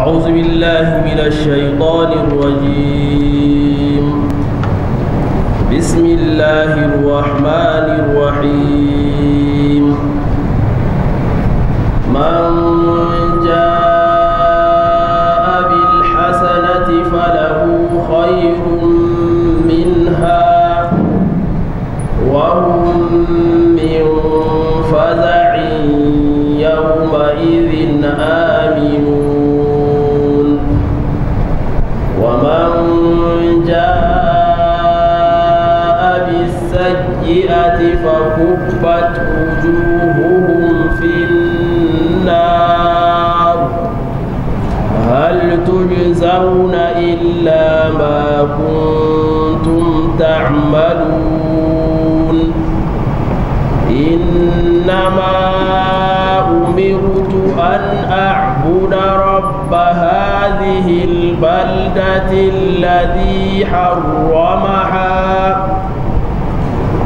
أعوذ بالله من الشيطان الرجيم بسم الله الرحمن الرحيم من جاء بالحسنة فله خير منها وهم من فزع يومئذ آمنون كنتم تعملون إنما أمرت أن أعبد رب هذه البلدة الذي حرمها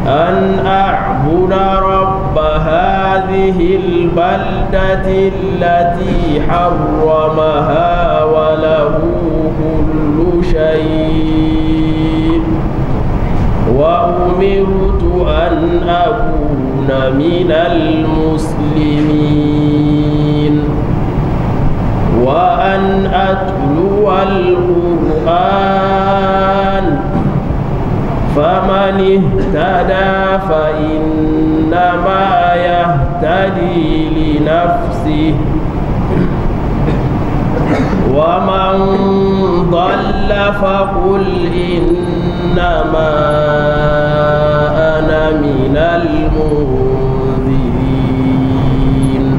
أن أعبد رب هذه البلدة التي حرمها وله شيء وأمرت أن أكون من المسلمين وأن أتلو القرآن فمن اهتدى فإنما يهتدي لنفسه ومن ضل فقل إنما أنا من المنذرين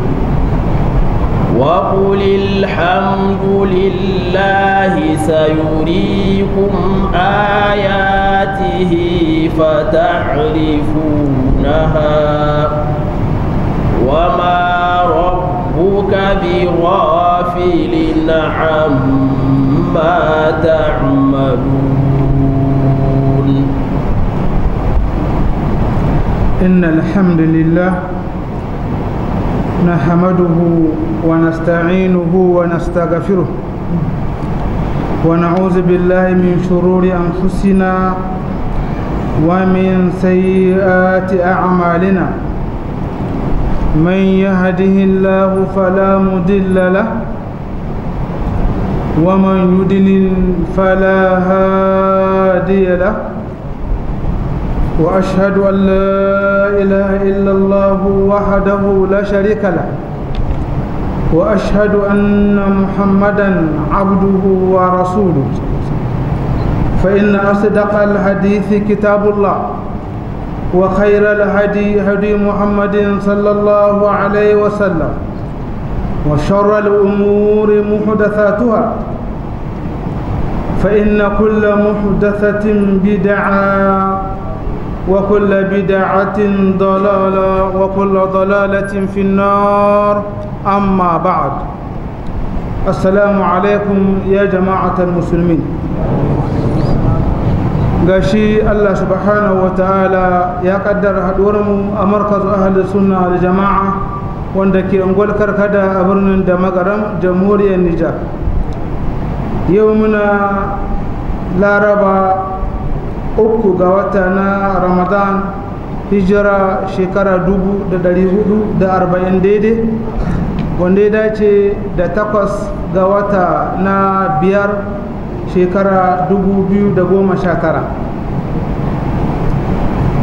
وقل الحمد لله سيريكم آياته فتعرفونها وما ربك بغافل غافل عما نعم تعملون إن الحمد لله نحمده ونستعينه ونستغفره ونعوذ بالله من شرور أنفسنا ومن سيئات أعمالنا من يهده الله فلا مضل له ومن يدلل فلا هادي له وأشهد أن لا إله إلا الله وحده لا شريك له وأشهد أن محمدا عبده ورسوله فإن أصدق الحديث كتاب الله وخير الهدي هدي محمد صلى الله عليه وسلم وشر الأمور محدثاتها فإن كل محدثة بدعة وكل بدعة ضلالة وكل ضلالة في النار أما بعد السلام عليكم يا جماعة المسلمين gashi الله سبحانه وتعالى يقدر ya أمركز أهل السنة والجماعة wanda ke unguwar karkada a birnin da magaram jamhuriyar nijar yau muna laraba uku ga wata na ramadan hijira shekara dubu da dari hudu da arba'in daidai wanda ya dace da takwas ga wata na biyar shekara dubu biyu da goma sha tara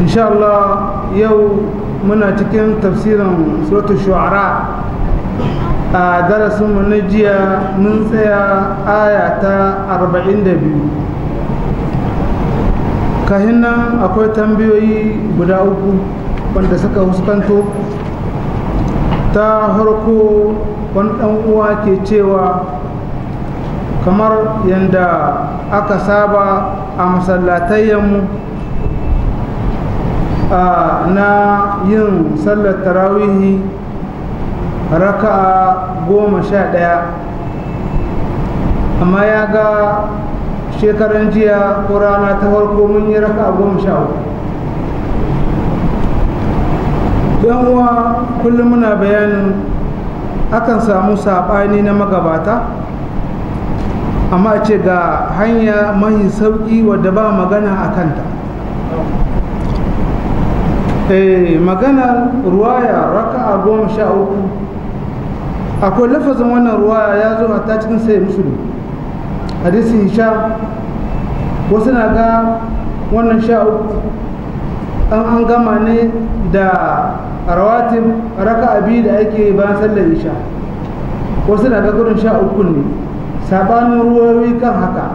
inshallah yau muna cikin tafsirin suratul shu'ara a darasinmu na jiya mun tsaya aya ta 42 kahin nan akwai tambayoyi guda uku wanda suka huskanto ta harko wani uwa ke cewa kamar yadda aka saba a masallatayyanmu mu na yin sallar tarawihi raka'a goma sha ɗaya amma ya ga shekaran jiya ko rana ta farko mun yi raka'a goma sha uku yan uwa kullum muna bayanin akan samu saɓani na magabata amma ce ga hanya mahi sauƙi wadda ba magana a kanta eh maganar ruwaya raka'a goma sha uku akwai lafazin wannan ruwaya ya zo a ta cikin sai musulun hadisi sha wasu na ga wannan sha uku an an gama ne da rawatin raka'a biyu da ake bayan sallar isha wasu na ga sha uku ne saɓanin ruwayoyi kan haka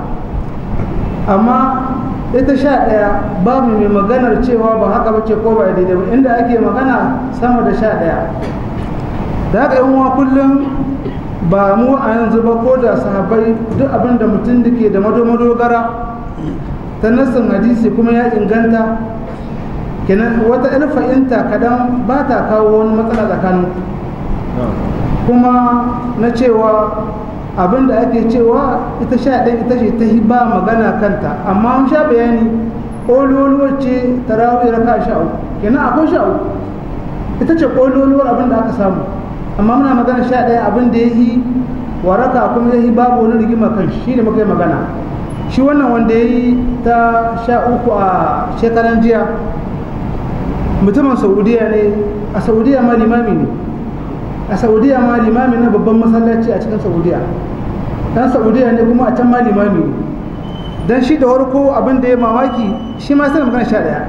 amma ita sha ɗaya babu mai maganar cewa ba haka ba ce ko ba daidai ba inda ake magana sama da sha ɗaya da haka yan kullum ba mu a yanzu ba ko da sahabbai duk abin da mutum da ke da gara ta nassan hadisi kuma ya inganta kenan wata in kaɗan ba ta kawo wani matsala tsakanin kuma na cewa Abinda ake cewa ita sha ɗan ita ce ta ba magana kanta amma an sha bayani ƙololuwar ce tarawih raka sha uku kenan akwai sha uku ita ce ƙololuwar abinda aka samu amma muna magana sha ɗaya abinda ya yi waraka kuma ya yi babu wani rigima kan shi ne muka yi magana shi wannan wanda ya yi ta sha uku a shekaran jiya mutumin saudiya ne a saudiya ma limami ne a saudiya ma limami na babban masallaci a cikin saudiya dan saudiya ne kuma a can ma limami ne dan shi da warko abin da ya mamaki shi ma sai magana sha daya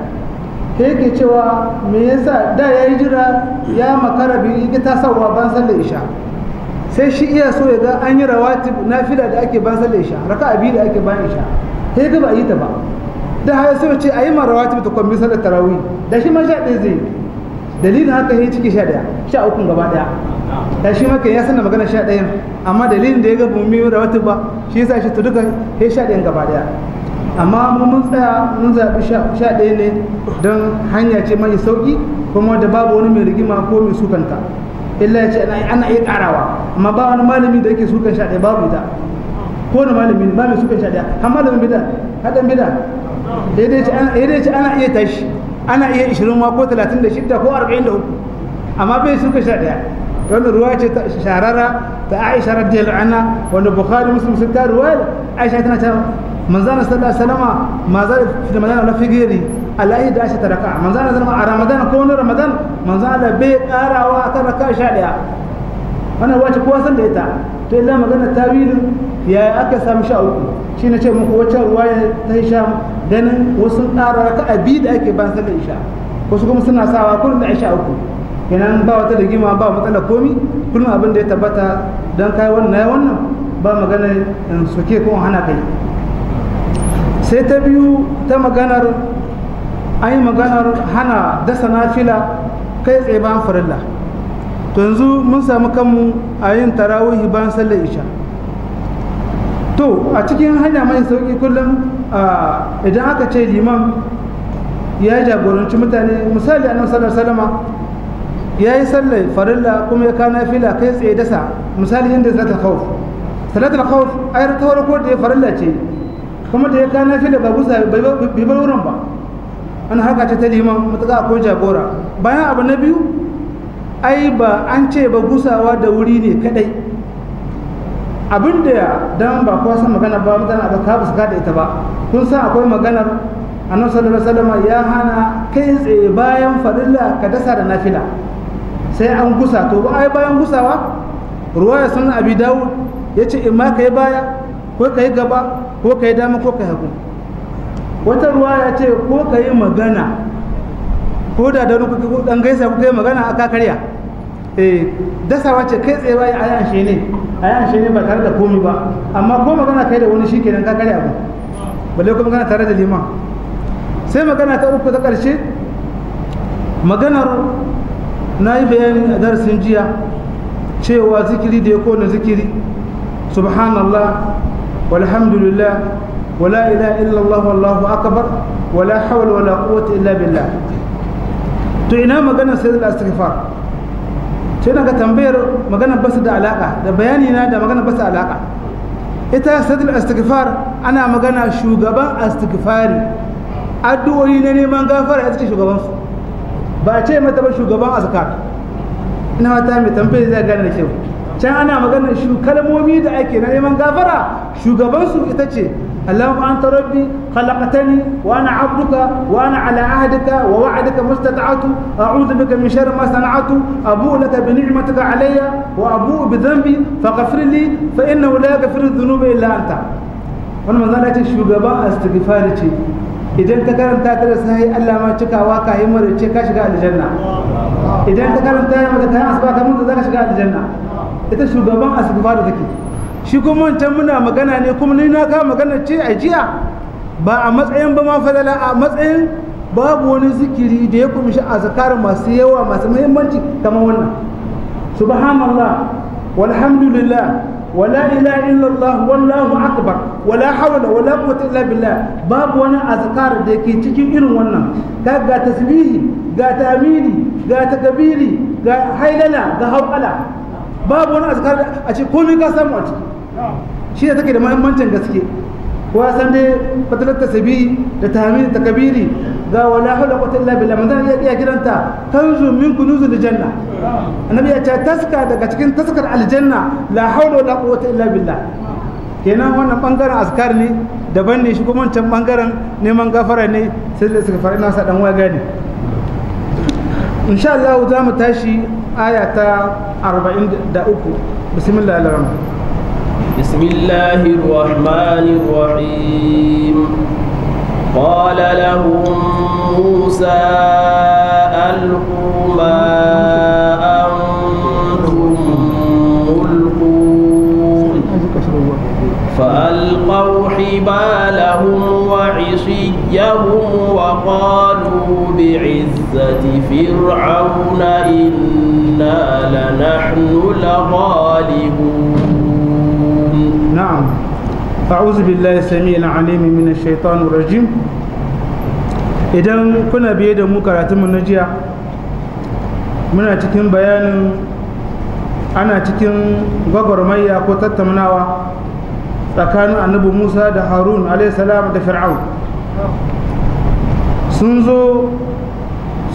ke yake cewa me yasa da ya yi jira ya makara bi yake ta sauwa ban sallar isha sai shi iya so ya ga an yi rawatib nafila da ake ban sallar isha raka'a biyu da ake ban isha sai ga ba yi ta ba da haya sai ce a yi ma rawatib ta kwambi sallar tarawih da shi ma sha ɗaya zai yi dalilin haka ya ciki sha daya sha ukun gaba daya ta shi maka ya sanar magana sha dayan amma dalilin da ya ga bumi da wata ba shi yasa shi to duka ya sha dayan gaba daya amma mu mun tsaya mun zaɓi sha ɗaya ne don hanya ce mai sauƙi kuma da babu wani mai rigima ko mai sukanta illa ya ce ana iya ƙarawa amma ba wani malami da yake sukan sha ɗaya babu ita ko wani malami ba mai sukan sha ɗaya har malamin bida haɗin bida ya dai ce ana iya tashi ana iya 20 ma ko 36 ko 43 amma bai suka sha daya wannan ruwa ce ta sharara ta Aisha radiyallahu anha wanda Bukhari Muslim sun ta ruwa Aisha tana ta manzana sallallahu alaihi wasallam ma za fi manzana la figiri alai da Aisha taraka manzana zama a Ramadan ko wani Ramadan manzana bai karawa ta raka sha daya wannan ruwa ce kowa san da ita to illa magana tawilin ya aka samu sha uku shi na ce muku wacce ruwaya ta isha ganin wasu tsara raka a biyu da ake ban sallar isha wasu kuma suna sawa kullum da isha uku kenan ba wata da gima ba matsala komi kullum abin da ya tabbata don kai wannan ya wannan ba magana in soke ko hana kai sai ta biyu ta maganar an yi maganar hana dasa nafila kai tsaye bayan farilla to yanzu mun samu kanmu a yin tarawihi ban sallar isha to a cikin hanya mai sauki kullum idan aka ce liman ya yi jagoranci mutane misali a nan salama ya yi sallar farilla kuma ya kana fila kai tsaye dasa misali yadda zata salatar salatul a ayar tawar farko da ya farilla ce kuma da ya kana fila ba gusa bai bar wurin ba an haka ce ta liman matuƙa ko jagora bayan abu na biyu ai ba an ce ba gusawa da wuri ne kadai abin da dan ba kowa san magana ba mutane ba ta buska da ita ba kun san akwai maganar annabi sallallahu alaihi wasallam ya hana kai tsaye bayan fadilla ka dasa da nafila sai an gusa to ba ai bayan gusawa ruwaya sunan abi dawud yace in ma kai baya ko kai gaba ko kai dama ko kai hagu wata ruwaya ce ko kai magana ko da da ku dan gaisa ku kai magana aka karya eh dasawa ce kai tsaye a ayan shi ne shi ne ba tare da komi ba amma ko magana kai da wani shi kenan ka kare abu balle kuma magana tare da liman sai magana ta uku ta ƙarshe maganar na yi bayani a darasin jiya cewa zikiri da ya kone zikiri subhanallah walhamdulillah wala ila illallah wallahu akbar wala hawla wala quwwata illa billah to ina maganar da istighfar sai daga tambayar maganar basu da alaka da bayanina da maganar basu alaka ita sadil astighfar ana magana shugaban astighfari addu'o'i na neman gafara ita ce shugaban su ba a ce mata ba shugaban azkar ina mata mai tambayar zai gane da kyau can ana maganar shu kalmomi da ake na neman gafara shugaban su ita ce اللهم أنت ربي خلقتني وأنا عبدك وأنا على عهدك ووعدك ما استطعت أعوذ بك من شر ما صنعت أبوء لك بنعمتك علي وأبوء بذنبي فاغفر لي فإنه لا يغفر الذنوب إلا أنت wani manzan ya ce shugaban idan ka karanta ta da Allah ma cikawa ka yi mara ce ka shiga aljanna idan ka karanta ya mata kayan asba ka mutu za ka shiga aljanna ita shugaban astighfari take shi kuma wancan muna magana ne kuma ni na ka magana ce a jiya ba a matsayin ba ma fadala a matsayin babu wani zikiri da ya kumshi azkar masu yawa masu muhimmanci kamar wannan subhanallah walhamdulillah wala ilaha illallah wallahu akbar wala hawla wala quwwata illa billah babu wani azkar da yake cikin irin wannan ga tasbihi ga tamini ga takbiri ga hailala ga hawqala babu wani azkar da a ce komai ka samu a ciki shi ne take da mahimmancin gaske ko ya san dai fatalar tasabi da tahamin da kabiri ga wala hula kwatar labi lamadan ya iya kiranta kanzu min da janna annabi ya ce taska daga cikin taskar aljanna la hawla wala quwwata illa billah kenan wannan bangaren azkar ne daban ne shi kuma wancan bangaren neman gafara ne sai da suka fara nasa dan waya gani insha Allah za mu tashi آية أربعين دأوكو بسم الله الرحمن بسم الله الرحمن الرحيم قال لهم موسى ألقوا ما أنتم ملقون فألقوا حبالهم وعصيهم وقالوا بعزة فرعون إن إنا لنحن لغالبون نعم أعوذ بالله السميع العليم من الشيطان الرجيم idan kuna biye da mu karatunmu na jiya muna cikin bayanin ana cikin gwagwarmayya ko tattaunawa tsakanin annabi musa da harun salam da fir'aun sun zo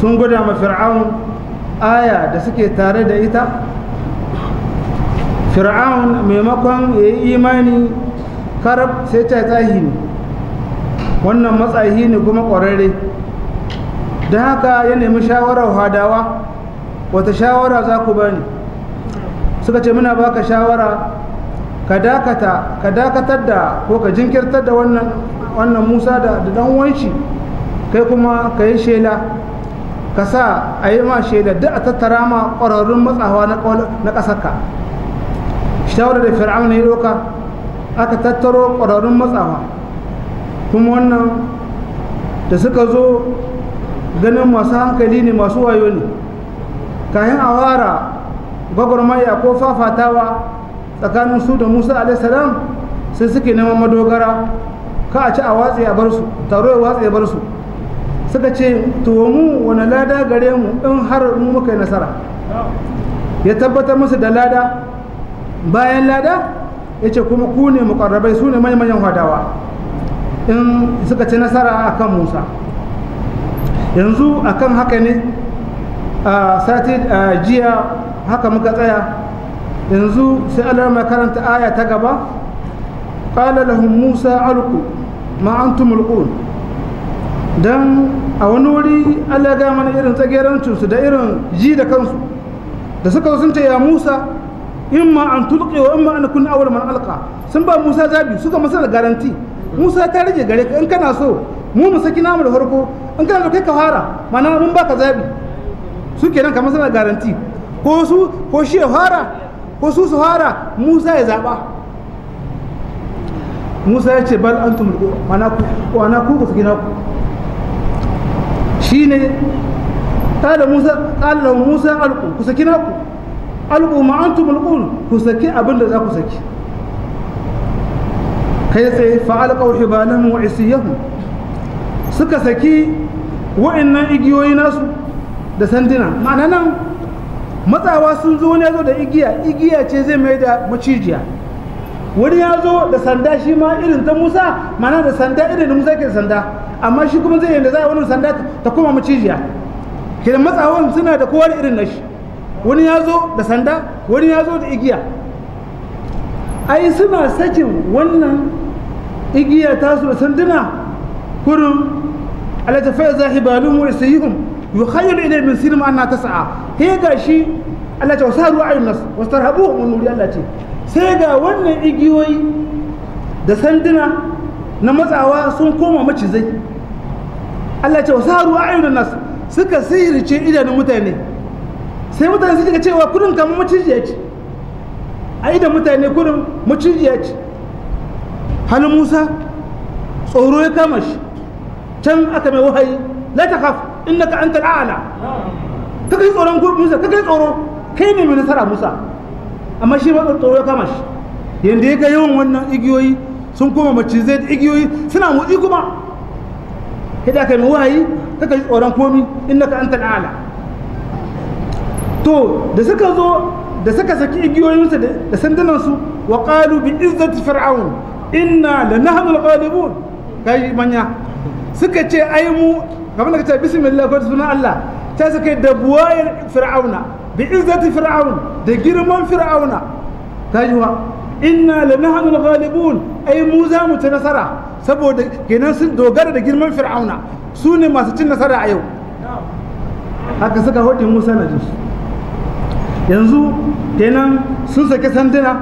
sun gwada ma fir'aun aya da suke tare da ita fir'aun maimakon ya yi imani karab sai ta tsahi ne wannan matsayi ne kuma ƙwararre Don haka ya nemi shawarar hadawa wata shawara za ku bani suka ce muna baka shawara ka dakata ka dakatar da ko ka jinkirtar da wannan musa da dan wanshi kai kuma ka yi shela ka sa a yi ma shaida duk a tattara ma ƙwararrun matsawa na ƙasarka shawarar da fir'aun ya ɗauka aka tattaro ƙwararrun matsawa kuma wannan da suka zo ganin masu hankali ne masu wayo ne kayan a wara gwagwarmaya ko fafatawa tsakanin su da musa alaihissalam sai suke neman madogara ka a ci a watsi a bar su taro ya watsi ya bar su suka ce to mu wani lada gare mu in har mu muka yi nasara ya tabbatar musu da lada bayan lada ya ce kuma ku ne mukarrabai su ne manyan hadawa in suka ce nasara a kan musa yanzu akan haka ne a sati a jiya haka muka tsaya yanzu sai allah makaranta aya ta gaba قال musa alku علقوا don a wani wuri allah ga mana irin tsagerancinsu da irin ji da kansu da suka sun ce ya musa in ma an tulƙe wa in ma an kunna awal man alƙa sun ba musa zabi suka masa da garanti musa ta rage gare ka in kana so mu mu saki namu da farko in kana so kai ka fara mana mun baka zabi su kenan ka masa da garanti ko su ko shi ya fara ko su su fara musa ya zaba musa ya ce bal antum mana ku ana ku ku saki ku. ne qala musa qala musa alqu ku saki naku alqu ma'antu antum ku saki da za ku saki kai tsaye wa hibalahum wa isiyahum suka saki wa'annan igiyoyi nasu da sanduna ma'ana nan matsawa sun zo ne zo da igiya igiya ce zai mai da macijiya wani ya zo da sanda shi ma irin ta musa Ma'ana da sanda irin da musa ke sanda amma shi kuma zai yanda za a wani sanda ta koma macijiya kiran matsawan suna da kowa da irin nashi wani ya zo da sanda wani ya zo da igiya ai suna sakin wannan igiya su da sanduna kurum alatafai zahibalun wa hanyar da ilay min sirma ta sa'a. he ga shi Allah haruwa wasaru ayun wasu tarhabu wa nuri Allah ce sai ga wannan igiyoyi da sanduna na matsawa sun koma macizai Allah ce wasaru ayyunan nas suka sihirce idanun mutane sai mutane suka cewa kudin kamar macijiya ce a idan mutane kudin macijiya ce hannun Musa tsoro ya kama shi can aka mai wahayi la ta kaf innaka anta al'ala ka kai tsoron Musa ka kai tsoro kai ne mai nasara Musa amma shi ba tsoro ya kama shi yanda ya ga yawan wannan igiyoyi sun koma macizai da igiyoyi suna motsi kuma hida ka mai wahayi kaka ji tsoron komi innaka anta a'la to da suka zo da suka saki igiyoyinsu da sandunansu wa qalu bi izzati fir'aun inna lanahnu al-ghalibun kai manya suka ce ai mu kamar da kace bismillah ko sunan Allah ta suka da buwayar fir'auna bi izzati fir'aun da girman fir'auna kai wa inna lanahnu al-ghalibun ai mu za mu ta nasara saboda kenan sun dogara da girman fir'auna su ne masu cin nasara a yau haka suka hoti musa na jinsu yanzu kenan sun saki sanduna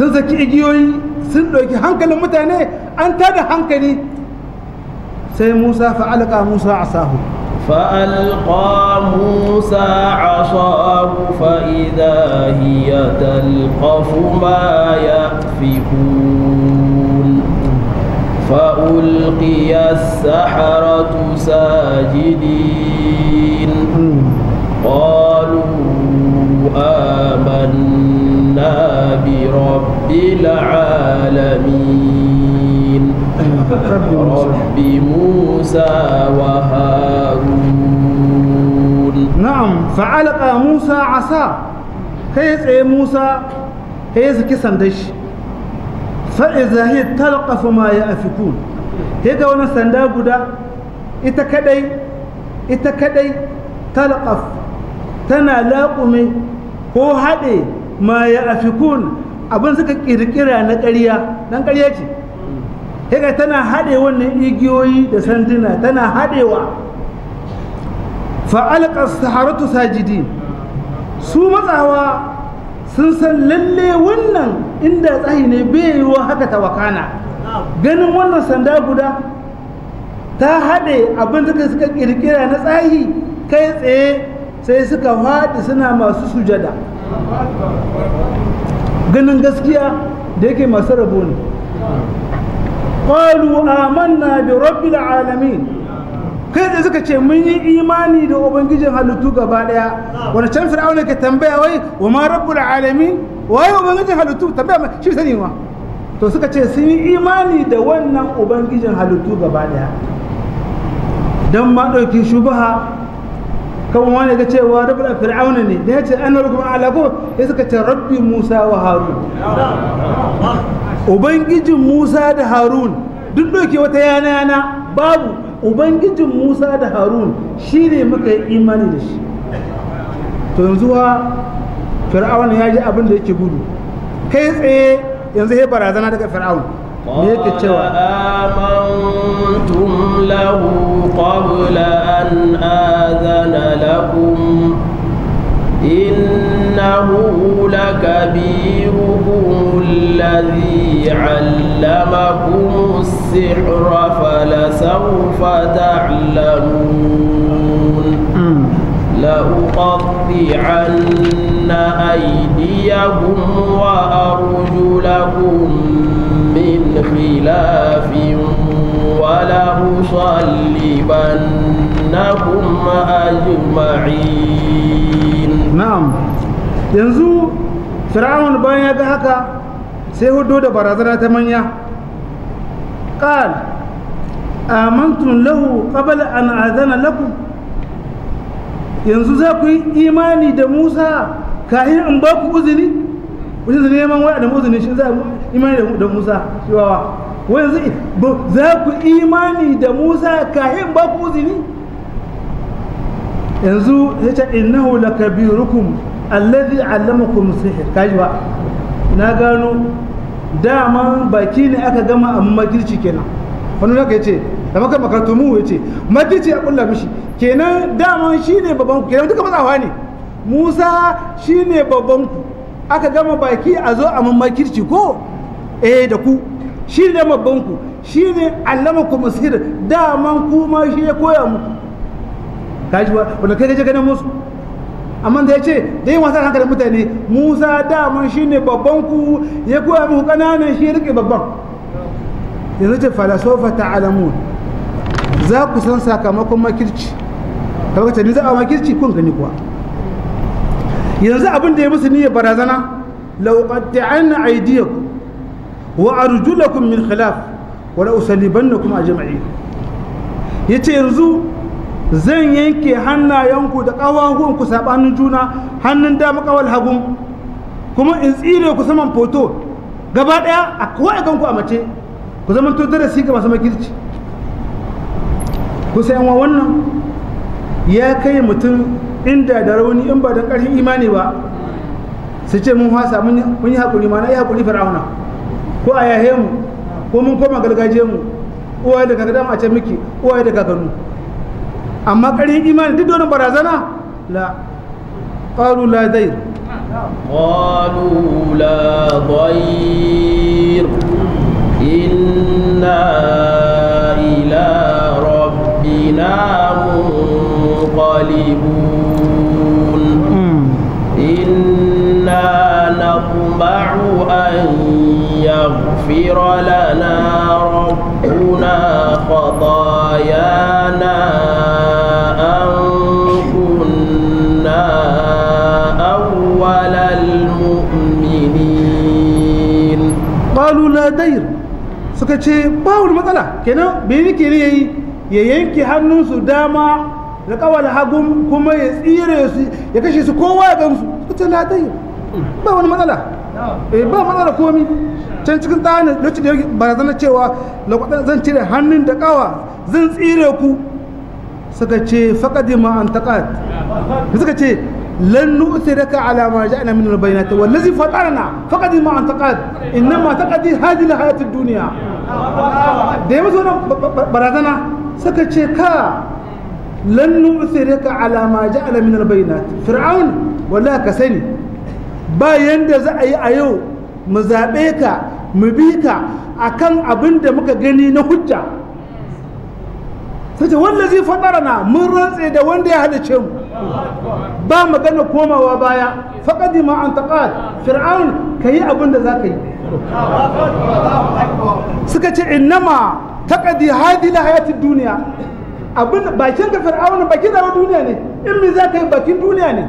sun saki igiyoyi sun ɗauki hankalin mutane an da hankali sai musa fa'alƙa musa a sahu فألقى موسى عصاه فإذا هي تلقف ما يأفكون فألقي السحرة ساجدين قالوا آمنا برب العالمين رب موسى وهارون نعم فعلق موسى عصا كيس إيه موسى كيس كسندش fa'iza hiya talqafu ma ya'fikun sai ga wani sanda guda ita kaɗai ita kadai tana laƙume ko haɗe ma kun abin suka ƙirƙira na ƙarya dan ƙarya ce hega tana haɗe wannan igiyoyi da sanduna tana haɗewa fa'alƙar saharatu sajidi su matsawa sun san lalle wannan inda tsayi ne bai yiwuwa haka ta wakana ganin wannan sanda guda ta haɗe abin da suka kirkira na tsayi kai tsaye sai suka faɗi suna masu sujada ganin gaskiya da yake masu rabo ne da آمنا برب alamin kai da suka ce mun yi imani da ubangijin halittu gaba daya wanda can fir'auna ke tambaya wai wa ma rabbul alamin wai ubangijin halittu tambaya shi sani ma to suka ce sun yi imani da wannan ubangijin halittu gaba daya dan ma dauki shubaha kan wani ga cewa rabbul fir'auna ne da yace an rukum alako sai suka ce rabbi musa wa harun ubangijin musa da harun duk dauke wata yana yana babu ubangijin musa da harun shi ne muka yi imani da shi to yanzu wa fir'aun ya ji abin da yake gudu kai tsaye yanzu ya barazana daga fir'aun me yake cewa amantum إنه لكبيركم الذي علمكم السحر فلسوف تعلمون لأقطعن أيديهم وأرجلكم من خلاف ولأصلبنكم أجمعين نعم yanzu fir'aun bayan ya ga haka sai hudu da barazana ta manya qal amantum lahu ƙabal an azana lakum yanzu za ku yi imani da Musa kahin an ba ku uzuri wajen neman da uzuri shi za imani da Musa shi wawa wai yanzu za ku imani da Musa kahin ba ku uzuri yanzu ya ce innahu kabirukum allazi allamakum sihir kaji ba na gano daman baki ne aka gama amma makirci kenan wani zaka kai ce da maka makartu mu ya ce makirci ya kulla mishi kenan daman shi ne babban kenan duka matsawa ne musa shi ne babban ku aka gama baki a zo a makirci ko eh da ku shi ne babban ku shi ne allamakum sihir daman kuma shi ya koya muku ka ba wanda kai je ganin musu amma da ya ce da yin wasa hankalin mutane musa daman shi ne babban ku ya koya muku kananan shi rike babban yanzu ce falasofa ta alamu za ku san sakamakon makirci kamar ta ni za a makirci kun gani kuwa yanzu abin da ya musu niyyar barazana lauƙadda'an aidiyaku wa arjulakum min khilaf wa la usallibannakum ya yace yanzu zan yanke hannayenku da ƙawahuwanku saɓanin juna hannun dama ƙawal hagun kuma in tsire ku saman foto gaba ɗaya a kowai ganku a mace ku zama to darasi ga masu makirci ku sayan wannan ya kai mutum inda da rauni in ba da ƙarfin imani ba su ce mun hasa mun yi haƙuri mana ya haƙuri fir'auna ko a yahe mu ko mun koma gargajiyar mu uwaye da kakadama a can miki uwaye da kakannu amma ƙarfin imani duk da wani barazana la qalu la dair qalu la dair inna ila rabbina munqalibun inna natma'u an yaghfira lana rabbuna خطايانا suka ce ba wani matsala kenan bai yi ne yayi ya yanke hannunsu dama da kawal hagun kuma ya tsire su ya kashe su kowa ya gamsu suka ce la ba wani matsala eh ba matsala komi can cikin tsarin lokacin da barazanar cewa lokacin zan cire hannun da kawa zan tsire ku suka ce faqadima an taqat suka ce لن نؤثرك على ما جاءنا من البينات والذي فطرنا فقد ما انتقد انما تقضي هذه الحياه duniya. da ya masu barazana suka ce ka lannu usire ka alama ji alaminar bayyana fir'aun wallah ka sani bayan da za a yi a yau mu zaɓe ka mu bi ka a kan abin da muka gani na hujja sai ce faɗara na mun rantse da wanda ya halice mu ba magana komawa baya faqadi ma an taqat fir'aun kayi abin da zaka yi suka ce innama taqadi hadi la hayati duniya abin bakin ka fir'auna bakin da duniya ne in me za ka yi bakin duniya ne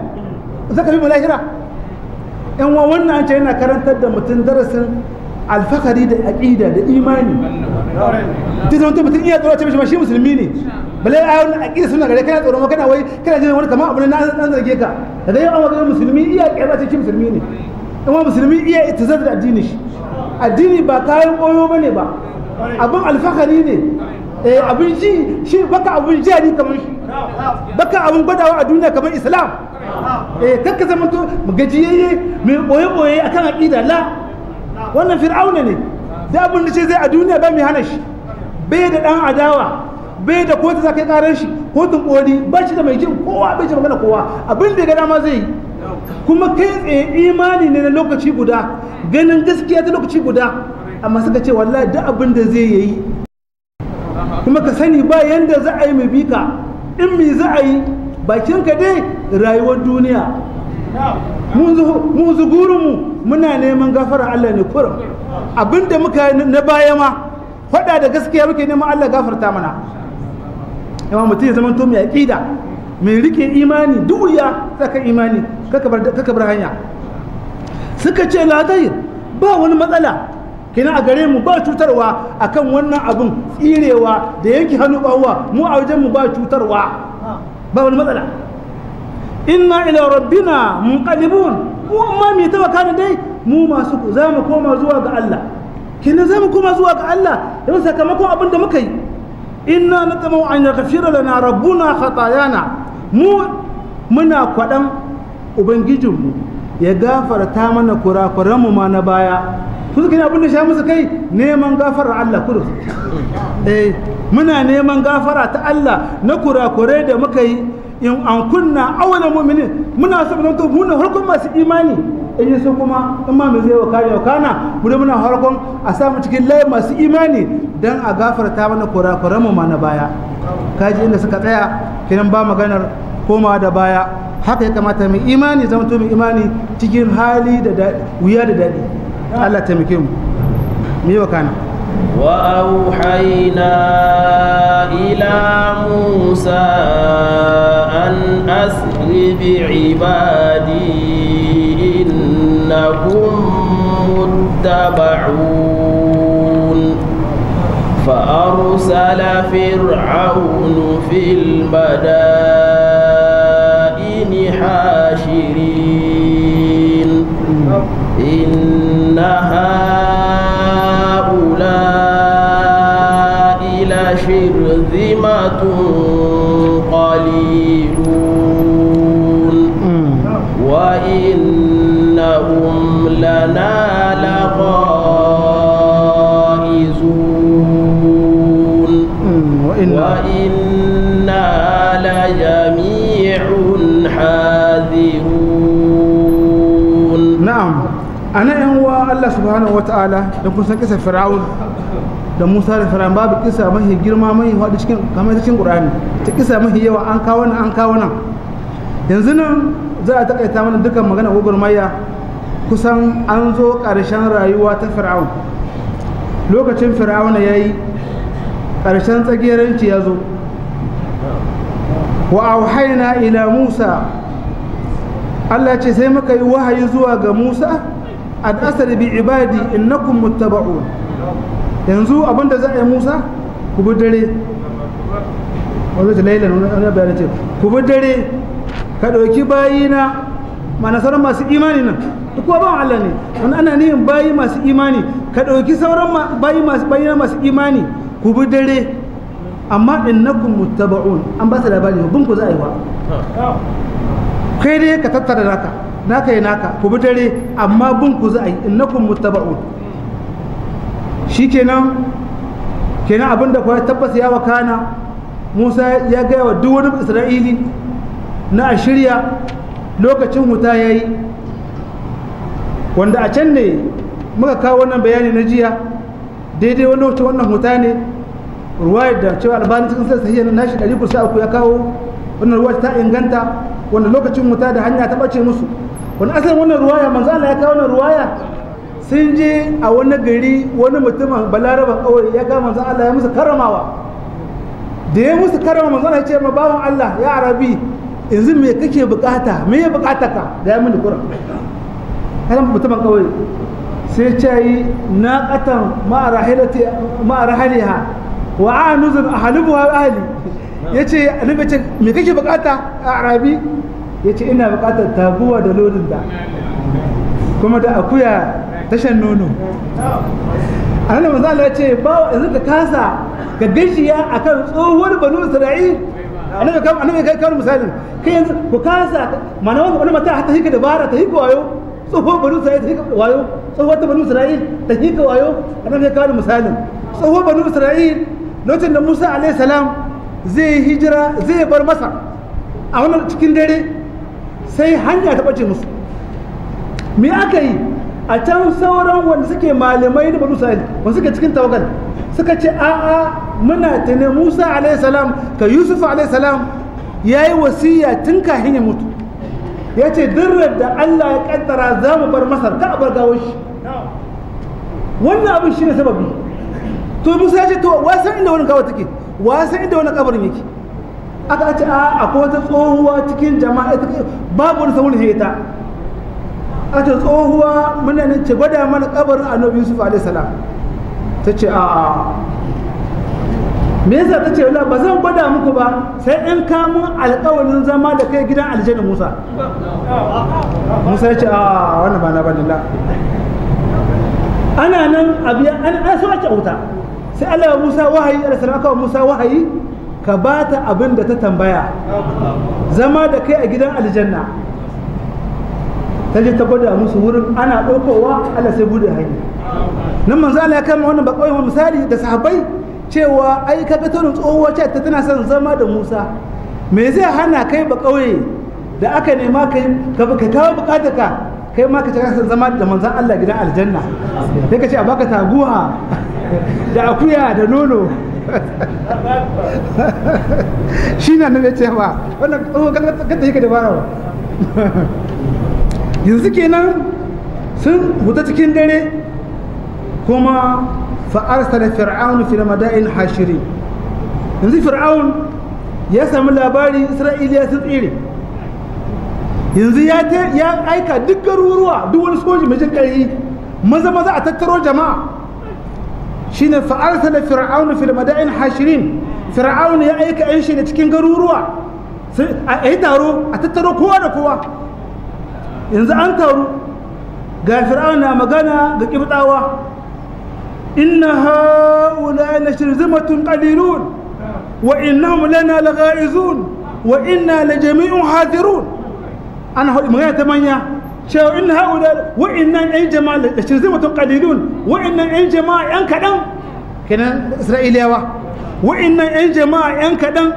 za ka yi malahira yan wa wannan an ce yana karantar da mutum darasin alfakari da aqida da imani duk zama ta mutum iya tsoro ce mishi shi musulmi ne balai a wani aqida suna gare kana tsoro kana wai kana jin wani kamar abu na an zarge ka da dai an magana musulmi iya kiyar ce musulmi ne kuma musulmi iya itizar da addini shi addini ba kayan koyo ba ne ba abin alfahari ne eh, abin ji shi baka abin jari kamar shi baka abin gwadawa a duniya kamar islam eh kakka zamanto gajiyayye mai boye-boye akan aƙida la wannan fir'auna ne da abin da ce zai a duniya ba mai hana shi bai da ɗan adawa bai da kotu za ka yi ƙarar shi kotun ƙori ba shi da mai jin kowa bai ji magana kowa abin da ya ga dama zai yi kuma kai tsaye imani ne na lokaci guda ganin gaskiya ta lokaci guda amma suka ce wallahi duk abin da zai yi kuma ka sani ba yanda za a yi mai bika in mai za a yi bakinka dai rayuwar duniya mu muna neman gafara Allah ne kurum abinda muka na baya ma faɗa da gaskiya muke neman Allah gafarta mana yawan mutum ya zama to mai aƙida mai rike imani duriya tsaka imani kaka bar hanya suka ce ladayir ba wani matsala kina a gare mu ba cutarwa akan wannan abun tsirewa da yanki hannu bawa mu a wajen mu ba cutarwa ba wani matsala inna ila rabbina munqalibun mu amma me tawakkal dai mu masu za mu koma zuwa ga Allah kina za mu koma zuwa ga Allah da sakamakon abin da muka yi inna natamau an yaghfira lana rabbuna khatayana mu muna kwaɗan ubangijinmu ya gafarta mana kurakuranmu ma na baya su suke abin da sha musu kai neman gafara Allah kudu eh, muna neman gafara ta Allah na kurakure da muka yi in an kunna awala mu'minin muna so mu zanto harkon masu imani in yi kuma in ma mu zai wa kare wa kana mu da muna harkon a samu cikin layi masu imani dan a gafarta mana kurakuran mu ma na baya kaji inda suka tsaya kiran ba maganar komawa da baya haka ya kamata mu imani zanto mu imani cikin hali da wuya da daɗi Allah taimake mu mu yi wa kana المدائن حاشرين إن subhanahu wata'ala da kusan kisa fir'aun da musa da fir'aun babu kisa mahi girma mahi hadu cikin kamar cikin qur'ani ta kisa mahi yawa an kawo nan an kawo nan yanzu nan za a takaita mana dukkan magana maya kusan an zo ƙarshen rayuwa ta fir'aun lokacin fir'aun ya yi ƙarshen tsageranci ya zo wa auhaina ila musa allah ce sai muka yi wahayi zuwa ga musa an asali bi ibadi innakum muttaba'un yanzu abinda za a yi musa ku bi dare wanda ta laila wani bayanin ce ku bi dare ka ɗauki bayina mana sauran masu imani nan kuwa ban Allah ne wani ana neman bayi masu imani ka ɗauki sauran bayi masu bayina masu imani ku bi dare amma innakum muttaba'un an ba su labari bin ku za a yi wa kai dai ka tattara naka naka yi naka ku bi dare amma bin ku za a yi innakum mutaba'u shikenan kenan abinda kuwa tabbas ya kana Musa ya gaya wa duk wani Isra'ili na a shirya lokacin wuta ya yi wanda a can ne muka kawo wannan bayani na jiya daidai wani wata wannan wuta ne ruwayar da cewa albani cikin sassa hiyar nashi ɗari kusa uku ya kawo wannan ruwa ta inganta wannan lokacin ta da hanya ta bace musu wannan asalin wannan ruwaya manzo Allah ya kawo wannan ruwaya sun je a wani gari wani mutumin Balaraba kawai ya kawo manzo Allah ya musu karamawa da ya musu karama manzo Allah ya ce ma bawon Allah ya arabi yanzu me kake bukata me ya bukata ka da ya mini kuran kana mutumin kawai sai ce yi na qatan ma rahilati ma rahaliha wa anuzun ahlibuha ahli ya ce alibacin mai kake bukata a arabi ya ce ina bukata tabuwa da lodin da kuma da akuya tashan nono annabi manzo Allah ya ce ba yanzu ka kasa ga gashiya kan tsohuwar banu isra'il annabi nan annabi kai kawai misali kai yanzu ku kasa mana wani mata ta hika dabara ta hika wayo tsohuwar banu isra'il ta hika wayo tsohuwar ta banu isra'il ta hika wayo annabi kai kawai misalin tsohuwar banu isra'il lokacin da Musa alaihi salam zai hijira zai bar masa a wannan cikin dare sai hanya ta ɓace musu me aka yi a can sauran wanda suke malamai da banu wanda suke cikin tawagal suka ce a'a muna ne musa alayhi ka yusuf alayhi ya yi wasiya tun kafin ya mutu ya ce durar da allah ya kaddara za mu bar masar ka bar gawar shi wannan abin shi ne sababi to musa ya ce to wasan inda wani kawo take wa sai inda wani kabarin yake aka ce a akwai wata tsohuwa cikin jama'a babu wani saurin heta a ta tsohuwa muna nan ce gwada mana kabarin annabi yusuf alaihi salam ta ce a me yasa ta ce ba zan gwada muku ba sai in kamun alƙawarin zama da kai gidan aljanna musa musa ya ce a wannan ba na ba ana nan abiya an aso a wuta sai Allah Musa wahayi da salama Musa wahayi ka ba ta abin da ta tambaya zama da kai a gidan aljanna ta je ta musu wurin ana ɗaukowa Allah sai bude hanya nan manzo Allah ya kama wannan bakwai wa misali da sahabbai cewa ai ka ga tarin tsohuwa ce ta tana son zama da Musa me zai hana kai ba kauye da aka nema kai ka kawo bukatarka kai ma ka cikin zama da manzan Allah gidan aljanna sai ka ce a baka taguwa da akuya da nono shi na nan ce ba wannan kan take da barawa yanzu kenan sun huta cikin dare kuma da fir'aunu fi ramadain hashiri yanzu fir'aun ya sami labari isra'iliya sun tsire yanzu ya aika duk garuruwa duk wani soji mai jin ƙarfi maza maza a tattaro jama'a shine fa da fir'aunu fil mada'in hashirin fir'aunu ya aika yan shi cikin garuruwa a yi taro a tattaro kowa da kowa yanzu an taru ga fir'aunu na magana ga kibtawa inna haula na shirzimatun qalilun wa innahum lana lagha'izun wa inna la jami'un hadirun ana haɗu magana ta manya cewa in haɗu wa'innan ɗan jama'a da shirzin mutum ƙalilun wa'innan ɗan jama'a ɗan kaɗan kenan isra'iliyawa wa'innan ɗan jama'a ɗan kaɗan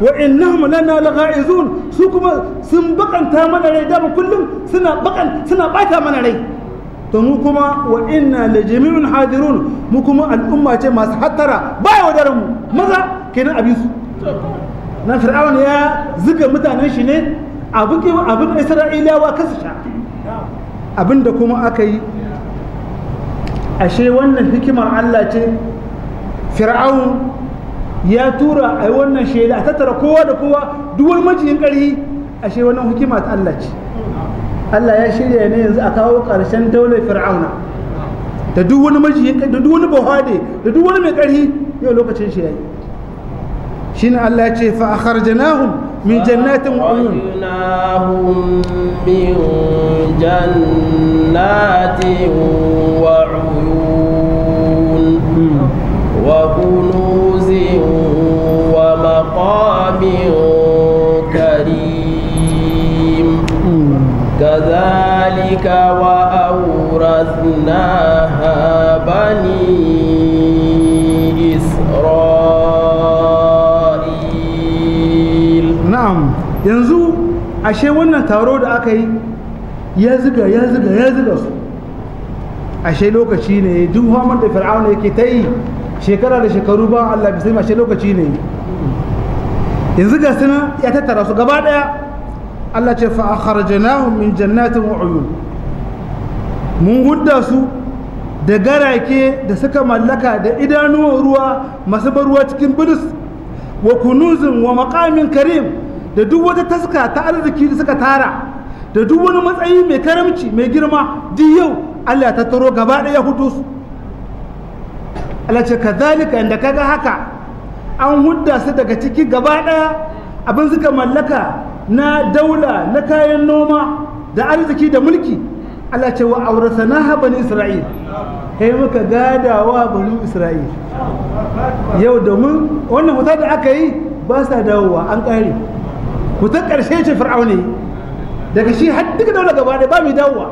wa'innahum laga izun su kuma sun bakanta mana rai dama kullum suna bakan suna bata mana rai to mu kuma wa inna la jami'un hadirun mu kuma al'umma ce masu hattara baya wadaran mu maza kenan abisu na fir'aun ya zuga mutanen shi ne abin isra'ilawa kasu sha abin da kuma aka yi ashe wannan hikimar allah ce fir'aun ya tura a wannan shaida a tattara kowa da kowa duwar majiyin ƙari ashe wannan hikima ta allah ce allah ya shirya ne yanzu a kawo ƙarshen daular fir'auna da duk wani majiyin da duk wani bahade da duk wani mai ƙari yau lokacin shi yayi shine allah ya ce fa akharjanahum من جنات وعيون من جنات وعيون وكنوز ومقام كريم كذلك وأورثناها بني yanzu ashe wannan taro da aka yi ya ziga ya ziga ya ziga su ashe lokaci ne duk hamar da fir'auna yake ta yi shekara da shekaru ba Allah bisani ashe lokaci ne yanzu ga suna ya tattara su gaba daya Allah ce fa akharajnahum min jannatin wa uyun mun hudda su da garake da suka mallaka da idanuwar ruwa masu baruwa cikin bidus wa kunuzin wa maqamin karim da duk wata taska ta arziki da suka tara da duk wani matsayi mai karamci mai girma duk yau Allah ya tattaro gaba ɗaya hudu su Allah ce inda kaga haka an hudda su daga cikin gaba ɗaya abin suka mallaka na daula na kayan noma da arziki da mulki Allah ce wa auratana habani Isra'il kai muka wa bani Isra'il yau domin wannan wuta da aka yi ba sa dawowa an ƙare mutum ƙarshe ce fir'auni daga shi har duka daular gaba ɗaya ba mu dawowa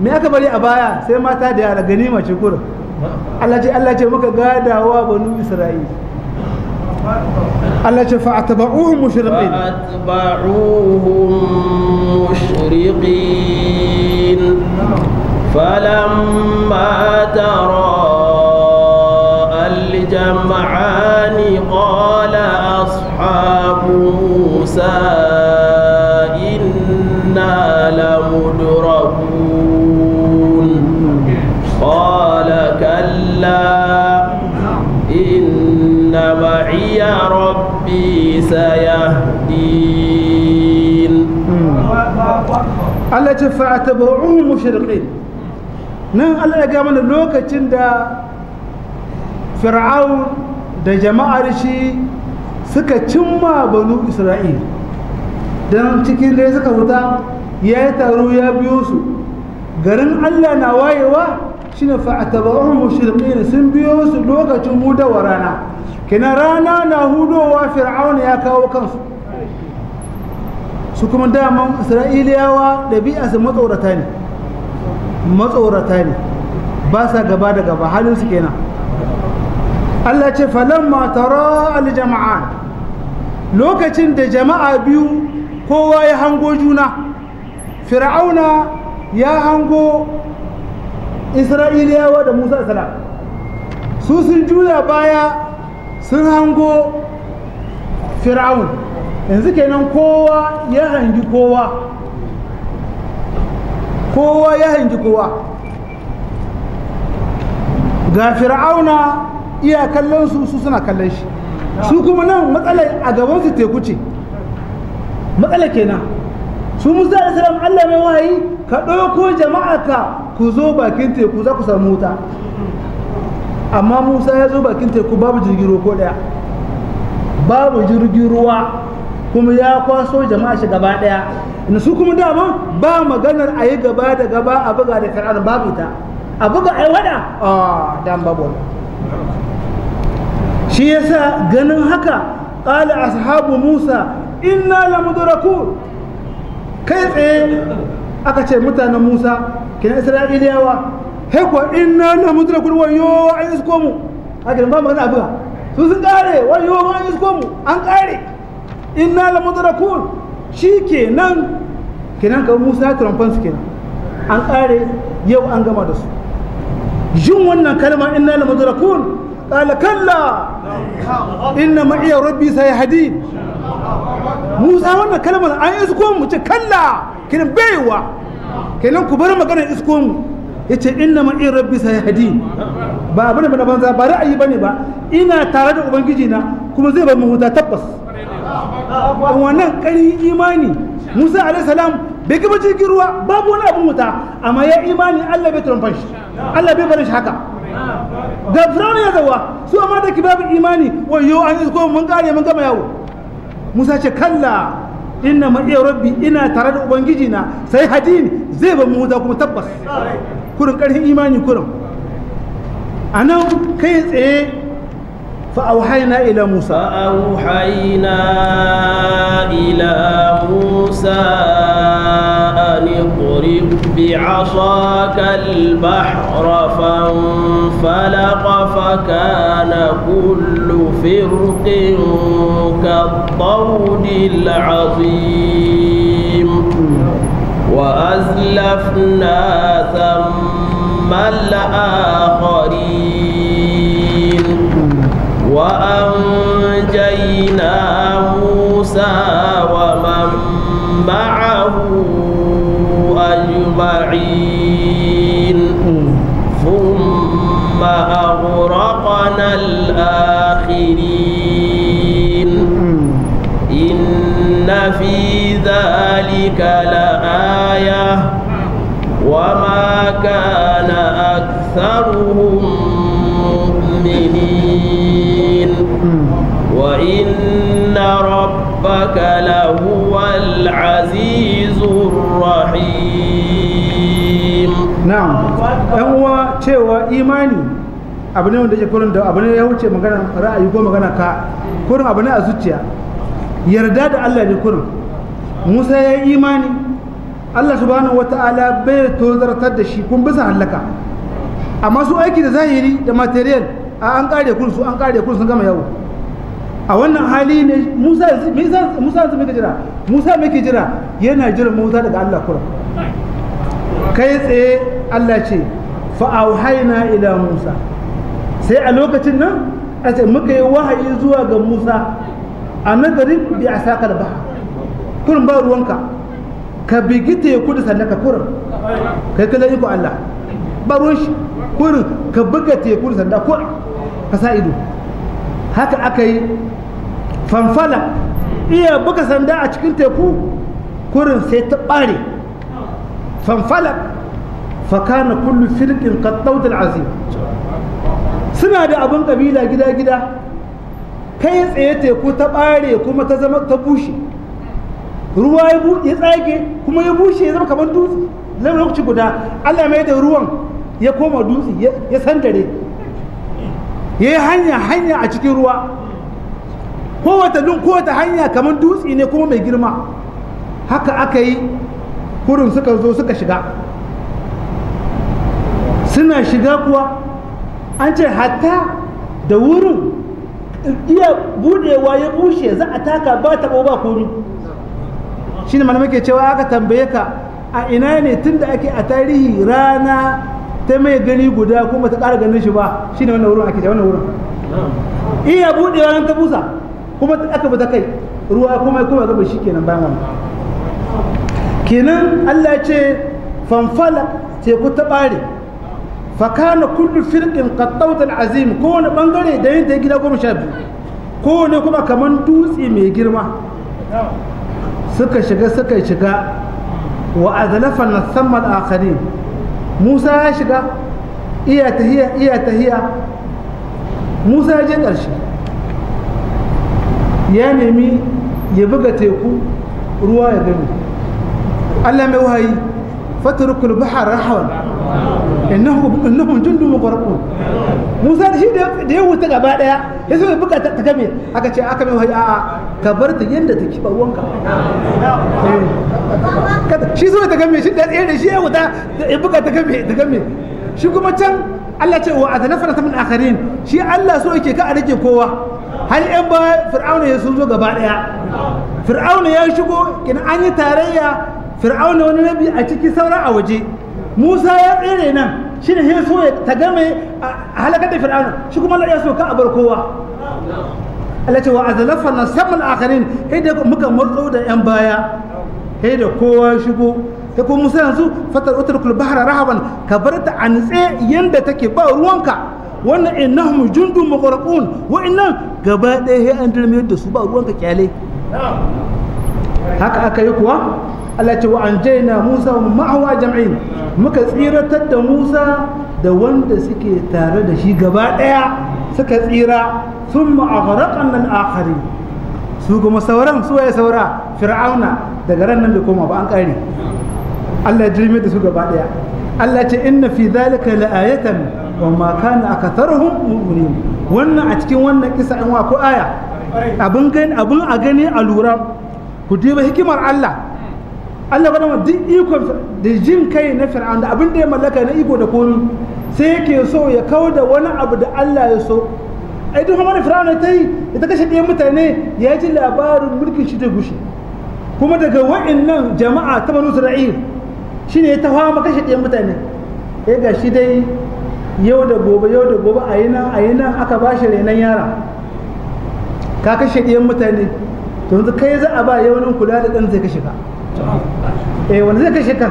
me aka bari a baya sai mata da yara gani mace kur Allah ce Allah ce muka gadawa banu Isra'il Allah ce fa atba'uhum mushriqin atba'uhum mushriqin falamma tara جمعان قال أصحاب موسى إنا لمدركون قال كلا إن معي ربي سيهدين التي فأتبعوه مشرقين نعم الله يقامنا لوكا fir'aun da jama'ar shi suka cimma banu isra'il don cikin dai suka fita ya yi taro ya biyo su garin allah na wayewa shi ne fa'atabarun mushirƙin sun biyo su lokacin hudawa rana kina rana na hudowa fir'aun ya kawo kansu su kuma daman isra'iliyawa ɗabi'a su matsorata ne matsorata ne ba sa gaba da gaba halin su kenan Allah ce falamma tara aljama'a lokacin da jama'a biyu kowa ya hango juna fir'auna ya hango isra'iliyawa da musa salam su sun juya baya sun hango fir'aun yanzu kenan kowa ya hangi kowa kowa ya hangi kowa ga fir'auna iya kallon su su suna kallon shi su kuma nan matsala a gaban su teku ce matsala kenan su musa da salam allah mai wayi ka ɗauko jama'a ka ku zo bakin teku za ku samu wuta amma musa ya zo bakin teku babu jirgin ruwa ko ɗaya babu jirgin ruwa kuma ya kwaso jama'a shi gaba ɗaya na su kuma dama ba maganar a yi gaba da gaba a buga da karar babu ita a buga a yi wada a ah, dan babu shi yasa ganin haka ƙala ashabu musa inna la mudraku kai tsaye aka ce mutanen musa kenan isra'iliyawa hei kuwa inna la mudraku wayo an isko mu haka ba magana abuwa su sun kare wayo an isko mu an kare inna la mudraku shi kenan kenan ka musa su kenan an kare yau an gama da su jin wannan kalma inna la mudrakun قال كلا إن معي ربي سيهدين موسى وانا كلمة أي إسكم كلا كنا بيوا كنا كبر ما كنا إسكم yace inna ma in rabbi sayhadi ba bane bane banza ba ra'ayi bane ba ina tare da ubangiji na kuma zai ba mu huta tabbas wannan karin imani Musa alaihi salam bai gaba jirgin ruwa babu wani abun wuta amma ya imani Allah bai trumfa Allah bai barin shi haka da ya zawa su amma da kibabin imani wayo an yi ko mun kare mun gama yawo musa ce kalla inna ma rabbi ina tare da ubangiji na sai hadin zai ba mu kuma tabbas kurin karfin imani kurin a nan kai tsaye فأوحينا إلى موسى فأوحينا إلى موسى اضرب بعصاك البحر فانفلق فكان كل فرق كالطود العظيم وأزلفنا ثم الآخرين وأنجينا موسى ومن معه أجمعين ثم أغرقنا الآخرين إن في ذلك لآية وما كان أكثرهم مؤمنين وإن ربك لهو العزيز na'am yan uwa cewa imani abu ne wanda ke kurin da abu ne ya wuce magana ra'ayi ko magana ka kurin abu ne a zuciya yarda da Allah ne kurin Musa ya yi imani Allah subhanahu wata'ala bai tozartar da shi kun bisa hallaka amma su aiki da zahiri da material a an kare kun su an kare kun sun gama yawo a wannan hali ne Musa Musa Musa mai jira Musa mai jira yana jira Musa daga Allah kurin kai tsaye Allah ce fa'auhaina ila Musa sai a lokacin nan a ce muka yi wahayi zuwa ga Musa a nazarin bi a sakar ba kurin ba ruwanka ka bigi teku da sanda ka kurin kai kala iko Allah ba ruwan shi kurin ka buga teku da sanda kurin ka sa ido haka aka yi fanfala iya buga sanda a cikin teku kurin sai ta ɓare fanfalak fakana kullu firqin qad dawdal azim suna da abin kabila gida gida kai tsaye teku ta bare kuma ta zama ta bushe ruwa ya tsage kuma ya bushe ya zama kamar dutse zama lokaci guda allah mai da ruwan ya koma dutse ya sandare ya yi hanya hanya a cikin ruwa kowace kowata hanya kamar dutse ne kuma mai girma haka aka yi kurin suka zo suka shiga suna shiga kuwa an ce hatta da wurin iya budewa ya bushe za a taka ba taɓo ba komi shi ne malamai ke cewa aka tambaye ka a ina ne tun da ake a tarihi rana ta mai gani guda kuma ta ƙara ganin shi ba shi ne wannan wurin ake wannan wurin iya budewa nan ta busa kuma aka bata kai ruwa kuma kuma gaba shi kenan bayan wannan kenan Allah ce fanfala teku ta bare fakana kullu firqin qattawt azim kowane bangare da yin ta gida goma sha biyu kowane kuma kaman dutse mai girma suka shiga suka shiga wa azlafa nasamma al-akharin Musa ya shiga iya tahiya iya tahiya Musa ya je ƙarshe ya nemi ya buga teku ruwa ya gani Allah mai wahayi fatarukul bahar rahawan innahum jundun mughraqun Musa da shi da da ya wuta gaba daya ya so buka ta game aka ce aka mai wahayi a'a ka bar ta yanda take ba ruwanka shi so ta game shi da tsaye da shi ya wuta ya buka ta game ta game shi kuma can Allah ce wa aznafara min akharin shi Allah so yake ka a rike kowa har yan baya fir'auna ya sun zo gaba daya fir'auna ya shigo kin an yi tarayya fir'auna wani rabi a ciki saura a waje musa ya tsere nan shi ne ya so ya tagame a halakar da fir'auna shi kuma ya so ka a bar kowa Allah ce wa azalafa na saman akarin da muka murtso da yan baya sai da kowa shigo sai kuma musa yanzu fatar utar kulbahara rahaban ka bar ta a nutse yadda take ba ruwanka wannan innahum jundun mughraqun wa innan gaba ɗaya sai an dirmiyar da su ba ruwanka kyale haka aka yi kuwa Allah ce wa anjayna Musa wa ma'awa jam'in muka tsiratar da Musa da wanda suke tare da shi gaba daya suka tsira thumma aghraqna al akhari su kuma sauran su waye saura fir'auna daga ran nan da koma ba an kare Allah ya jirme da su gaba daya Allah ce inna fi dhalika la'ayatan wa ma kana akatharuhum mu'minin wannan a cikin wannan kisa in wa ko aya abin gani abin a gani a lura ku diba hikimar Allah Allah bada duk ikon da jin kai na fir'aun da abin da ya mallaka na iko da komi sai yake so ya kawo da wani abu da Allah ya so ai duk hamar fir'aun ta yi ita kashe ɗaya mutane ya ji labarin mulkin shi da gushi kuma daga wa'annan jama'a ta banu isra'il shine ya ta fama kashe ɗaya mutane eh ga shi dai yau da gobe yau da gobe a yi nan a yi aka ba shi renon yara ka kashe ɗiyan mutane to yanzu kai za a ba yaunin kula da ɗan zai kashe ka eh wanda zai kashe ka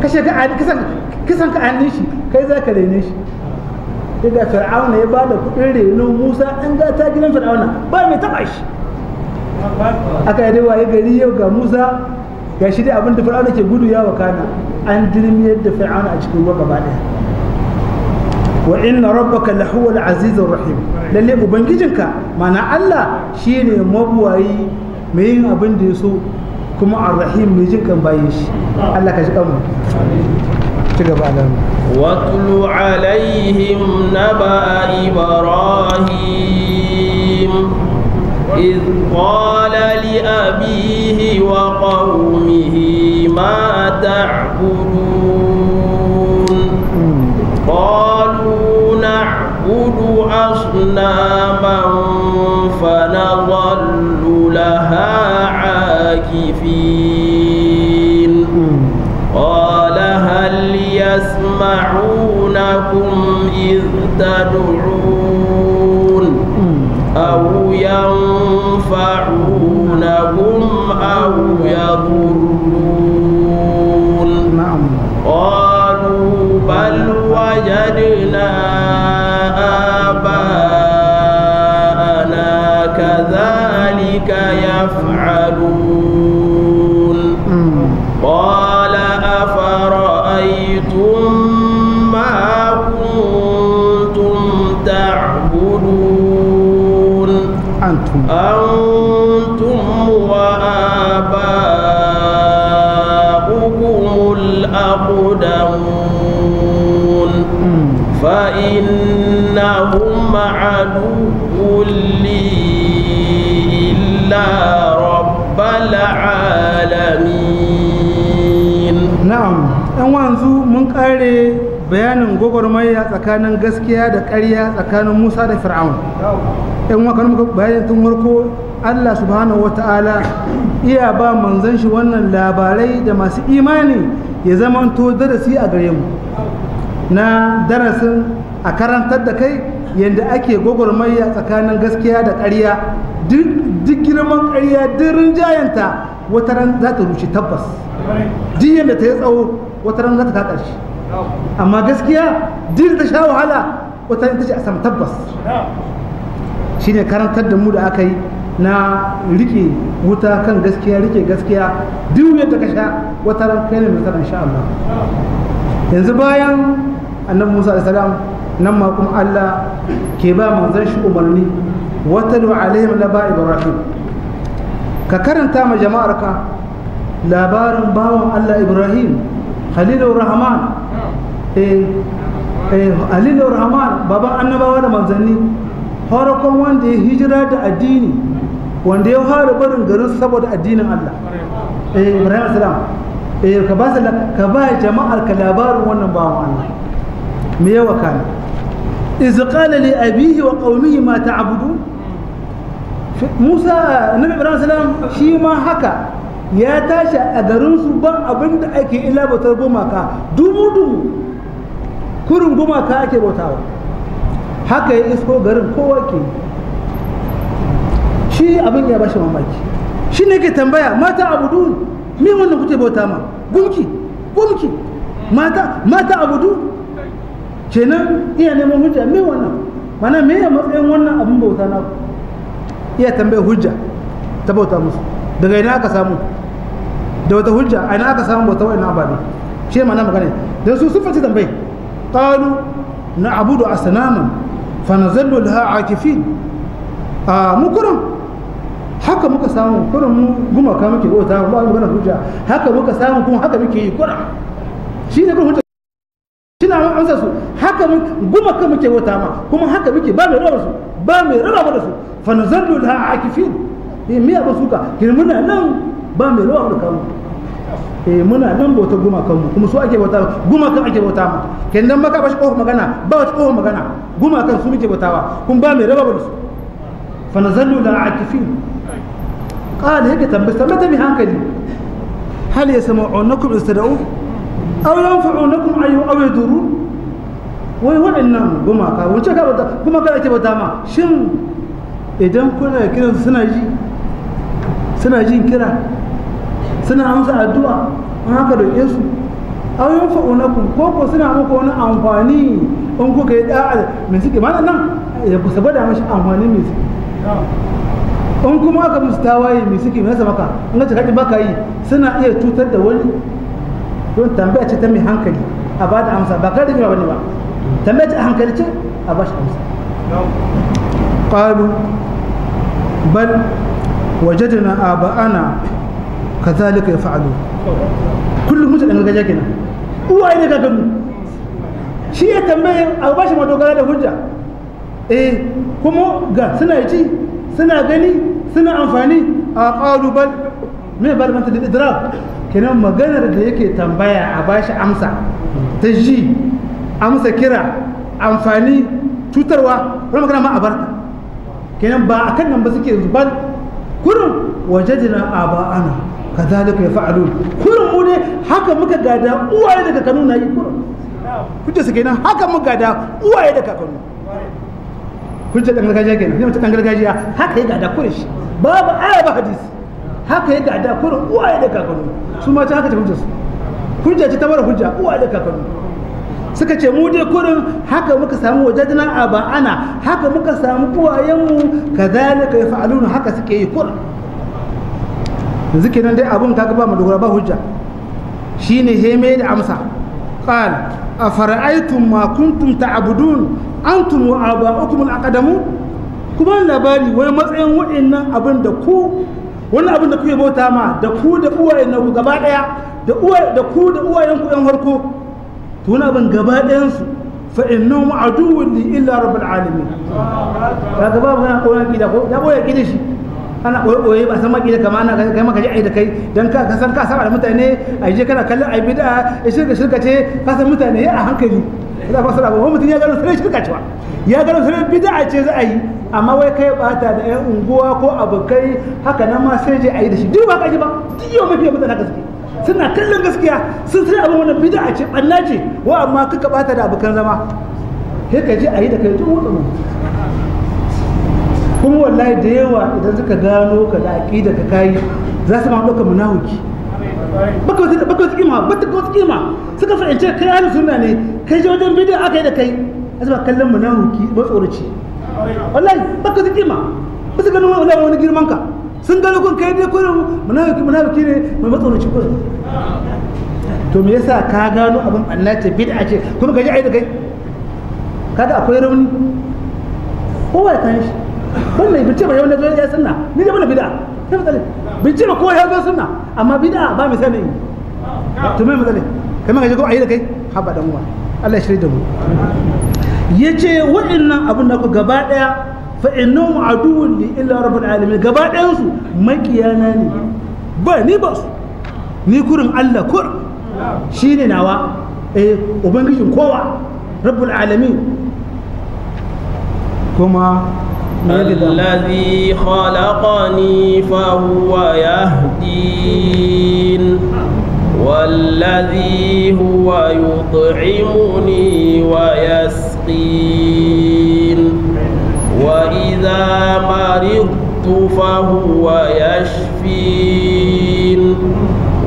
kashe ka kisan kisan ka an shi kai za ka rene shi daga fir'auna ya bada kudin renon musa an gata gidan fir'auna ba mai taba shi aka yi waye gari yau ga musa ga shi dai abinda fir'auna ke gudu ya wakana an dirmiyar da fir'auna a cikin ruwa gaba daya wa inna rabbaka lahuwal al azizur rahim lalle ubangijinka mana Allah shine mabuwayi mai yin abin da ya so كما الرحيم ميجن كان بايش الله كشكم واتل عليهم نبأ إبراهيم إذ قال لأبيه وقومه ما تعبدون قالوا نعبد أصناما عاكفين قال هل يسمعونكم إذ تدعون أو ينفعونكم أو يضرون نعم. قالوا بل وجدنا آباءنا كذلك يفعلون أنتم وآباؤكم الأقدمون فإنهم عدو لي إلا رب العالمين نعم أنوانزو من قاري bayanin gwagwarmaya tsakanin gaskiya da karya tsakanin musa da fir'aun yan wakar muka bayan tun warko Allah subhanahu wata'ala iya ba manzan shi wannan labarai da masu imani ya zama to darasi a gare mu na darasin a karantar da kai yadda ake gwagwarmaya tsakanin gaskiya da ƙarya duk girman ƙarya duk rinjayenta wata ran za ta rushe tabbas duk da ta yi tsawo wata ran za ta kakar shi amma gaskiya duk ta sha wahala wata ran ta ce a sam tabbas shine karantar da mu da aka yi na rike wuta kan gaskiya rike gaskiya duk yadda ka sha wata ran kai ne mai insha Allah yanzu bayan annabi Musa alaihi salam nan ma kuma Allah ke ba manzon shi umarni da alaihim laba ibrahim ka karanta ma jama'arka labarin bawan Allah Ibrahim Khalilur Rahman eh eh Khalilur Rahman baban annabawa da manzanni farkon wanda ya hijira da addini wanda ya fara barin garin saboda addinin Allah eh Ibrahim salam eh ka ba ka ba jama'ar ka labarin wannan bawan Allah me ya ne iz qala li abihi wa qaumihi ma ta'budu Musa Nabi Ibrahim salam shi ma haka ya tashi a garin su ban abin da ake ilabatar gumaka dumu dumu kurin gumaka ake bautawa haka ya isko garin kowa ke shi abin ya bashi mamaki shi ne ke tambaya mata abudu me wannan kuke bauta ma gumki gumki mata mata abudu kenan iya neman hujja me wannan mana me ya matsayin wannan abin bauta na iya tambaya hujja ta bauta musu daga ina aka samu da wata hujja a ina aka samu bauta wa'ina ababe shi mana magana don su sun faci tambayi qalu na abudu asnaman fanazallu laha akifin a mu haka muka samu kurum mu gumaka muke bauta ba mu gana hujja haka muka samu kuma haka muke yi kurum shine ne kurum shine mun ansa su haka mu gumaka muke bauta ma kuma haka muke ba mai rawar su ba mai rarraba da su fanazallu laha akifin eh me ba suka kirmuna nan ba mai rawar da kawo eh muna nan bauta gumakan mu kuma su ake bauta gumakan ake bauta mu kendan maka bashi kofar magana ba wata kofar magana gumakan su muke bautawa kun ba mai raba ba su fa nazallu la aqifin qala yake tabbata mata bi hankali hal yasma'unakum istada'u aw yanfa'unakum ayu aw yaduru wai waɗannan gumaka wuce ka bauta gumaka ake bauta ma shin idan kuna kiran suna ji suna jin kira suna amsa addu'a an haka roƙe su aw yanfa'unakum ko ko suna muku wani amfani in kuka yi da'a mai suke mana nan ya ba da mashi amfani mai suke in kuma aka musu tawaye mai suke mai maka in ka cikakken baka yi suna iya cutar da wani don tambaya ce ta mai hankali a ba da amsa ba kai da ba ne ba tambaya ce a hankali ce a ba shi amsa qalu bal wajadna aba'ana kazalika ya fa'alu kullum mutanen gaja kenan uwaye ne gagaru shi ya tambaye a bashi shi madogara da hujja eh kuma ga suna ci suna gani suna amfani a ƙalu bal mai ta da idrak kenan maganar da yake tambaya a ba shi amsa ta ji amsa kira amfani cutarwa wani magana ma a barta kenan ba a kan nan ba suke zubal kurin wajajina a ana. kazalika yaf'alun kurin mu haka muka gada uwaye da kakanu na kenan haka muka gada uwaye da kakanu dan gargajiya kenan ne gargajiya haka ya gada kurin shi babu aya ba hadisi haka ya gada uwaye da kakanu su ma ta haka ta hujja suka ce mu dai kurin haka muka samu aba ana haka muka samu kazalika fa'aluna haka suke yi kurin yanzu kenan dai abun kaga ba mu dogara ba hujja shine he heme da amsa qal afara'aytum ma kuntum ta'budun antum wa aba'ukum al-aqdamu kuma labari wai matsayin wa'annan abin da ku wani abin da kuke bauta ma da ku da uwayen ku gaba daya da uwa da ku da uwayen ku ɗan harko to wani abin gaba dayan su fa innahum aduwwun li illa rabbil alamin kaga babu na koyan kida ko ya boye kida shi ana ɓoye ba san makila kama na kai maka ji da kai don ka san ka saba da mutane a je kana kallon ai bid'a shirka shirka ce ka san mutane ya a hankali ina fasara ba mutum ya gano sai shirka cewa ya gano sai bid'a ce za a yi amma wai kai bata da yan unguwa ko abokai haka nan ma sai je a yi da shi duk ba kaji ba duk yau mafi mutane gaske suna kallon gaskiya sun sai abin wannan bid'a ce ɓanna ce wa amma kuka bata da abokan zama sai ka je a yi da kai duk wani kuma wallahi da yawa idan suka gano ka da aƙida ka kayi za su ma ɗauka munawuki baka wasu baka kima bata ka wasu kima suka ce kai ahlu sunna ne kai je wajen bidiyo aka yi da kai a azaba kallon munawuki ba tsoroci wallahi baka wasu kima ba su gano wallahi wani girman ka sun gano kun kai dai kurin munawuki munawuki ne mai matsoroci kurin to me yasa ka gano abin Allah ta bid'a ce kuma gaji ai da kai kada akwai rauni kowa ya kan shi wannan bice ba ya sunna ni da bid'a ba ko ya sunna amma bid'a ba sani to me kai maka jago ayi kai haba dan uwa Allah ya shirye da mu yace wa'annan abun da ku gaba daya fa aduwwun li illa alamin gaba dayan su makiyana ne ba ni ba su ni kurin Allah kur shine nawa eh ubangijin kowa rabbul alamin kuma الذي خلقني فهو يهدين والذي هو يطعمني ويسقين وإذا مرضت فهو يشفين